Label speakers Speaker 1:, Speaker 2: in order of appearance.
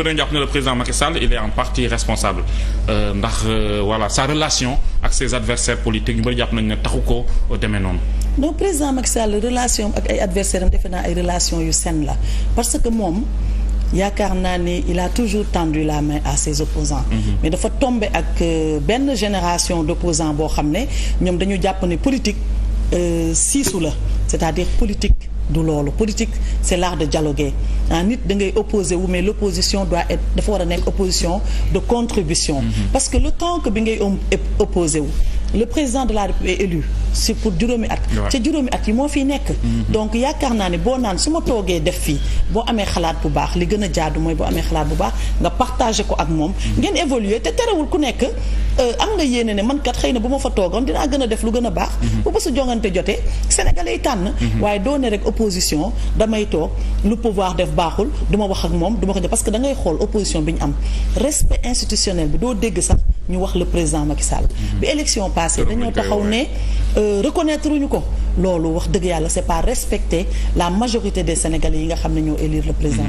Speaker 1: ku ne jàpp ne le président Macky Sall il est en partie responsable euh, ndax euh, voilà sa relation ak ses adversaires politiques ñu bëri jàpp nañ ne taxu ko demee noonu. non président Macky relation ak ay adversaires defe naa ay relation yu saine la parce que moom. yaakaar naa ni il a toujours tendu la main à ses opposants mm -hmm. mais dafa tombé ak euh, benn génération d'opposants boo xam ne ñoom dañu jàpp ne politique euh, siisu la c'est-à-dire politique du loolu politique c'est l'art de dialoguer ah nit da ngay opposé wu mais l'opposition doit être dafa war a nekk opposition de contribution mm-hmm. parce que le temps que bi ngay opposé wu le président de la République est élu si pour juróomi at ca juróomi at yi moo fiy nekk mhm. donc yaakaar naa ne boo naan su ma toogee def fii boo amee xalaat bu baax li gën a jaadu mooy boo amee xalaat bu baax nga partagé ko ak moom mhm. ngeen évoluer te terewul ku nekk euh, am nga yéene ne man kat xëy na bu ma fa toogoon dinaa gën a def lu gën a baax mhm. bu ba su jongante jotee sénégalais yi tànn waaye doo ne rek opposition damay toog lu pouvoir def baaxul du wax ak moom du ko def parce que da ngay xool opposition bi ñu am respect institutionnel bi doo dégg sax ñu wax le président Macky Sall bi élection passée dañoo taxaw ne Euh, reconnaître ñu ko loolu wax dëgg yàlla c'est pas respecter la majorité de sénégalais yi nga xam ne ñoo élire le président